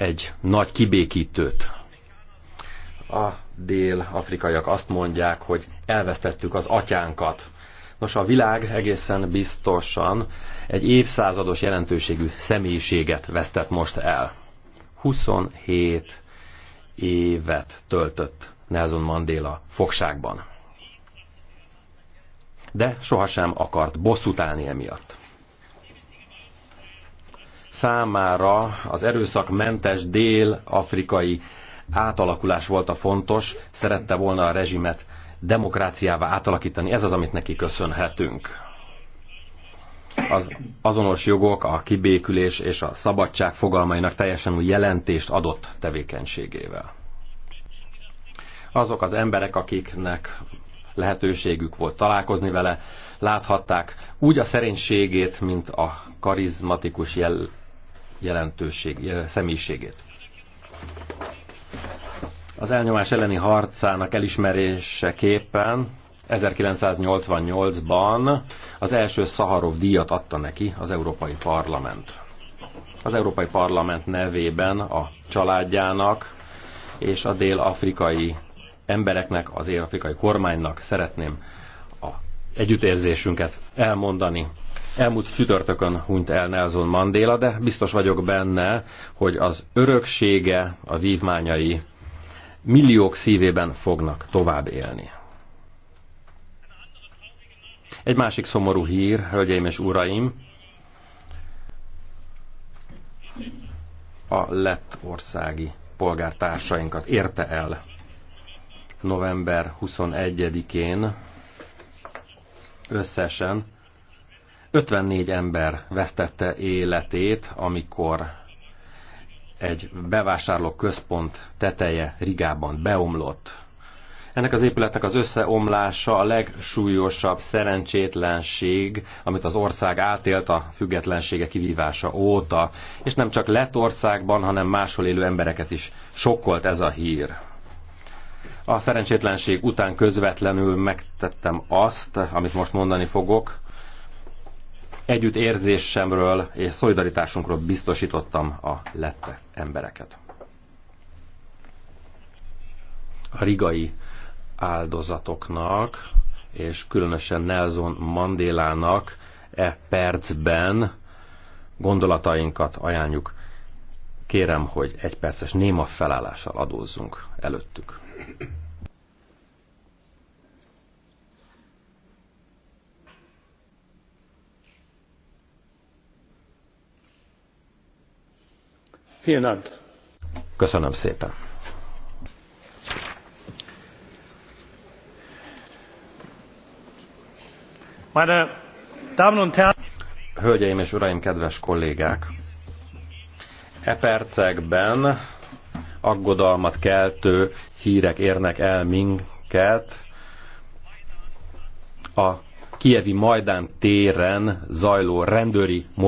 egy nagy kibékítőt. A dél-afrikaiak azt mondják, hogy elvesztettük az atyánkat. Nos, a világ egészen biztosan egy évszázados jelentőségű személyiséget vesztett most el. 27 évet töltött Nelson Mandela fogságban. De sohasem akart bosszút állni emiatt számára az erőszakmentes dél-afrikai átalakulás volt a fontos, szerette volna a rezsimet demokráciává átalakítani. Ez az, amit neki köszönhetünk. Az azonos jogok, a kibékülés és a szabadság fogalmainak teljesen új jelentést adott tevékenységével. Azok az emberek, akiknek lehetőségük volt találkozni vele, láthatták úgy a szerénységét, mint a karizmatikus jel jelentőség, személyiségét. Az elnyomás elleni harcának elismeréseképpen 1988-ban az első Szaharov díjat adta neki az Európai Parlament. Az Európai Parlament nevében a családjának és a dél-afrikai embereknek, az dél afrikai kormánynak szeretném a együttérzésünket elmondani. Elmúlt csütörtökön hunyt el Nelson Mandela, de biztos vagyok benne, hogy az öröksége, a vívmányai milliók szívében fognak tovább élni. Egy másik szomorú hír, hölgyeim és uraim, a lett országi polgártársainkat érte el november 21-én összesen 54 ember vesztette életét, amikor egy bevásárló központ teteje Rigában beomlott. Ennek az épületnek az összeomlása a legsúlyosabb szerencsétlenség, amit az ország átélt a függetlensége kivívása óta, és nem csak országban, hanem máshol élő embereket is sokkolt ez a hír. A szerencsétlenség után közvetlenül megtettem azt, amit most mondani fogok, együtt és szolidaritásunkról biztosítottam a lett embereket. A rigai áldozatoknak, és különösen Nelson Mandélának e percben gondolatainkat ajánljuk. Kérem, hogy egy perces néma felállással adózzunk előttük. Köszönöm szépen. Hölgyeim és uraim, kedves kollégák! E percekben aggodalmat keltő hírek érnek el minket a kievi Majdán téren zajló rendőri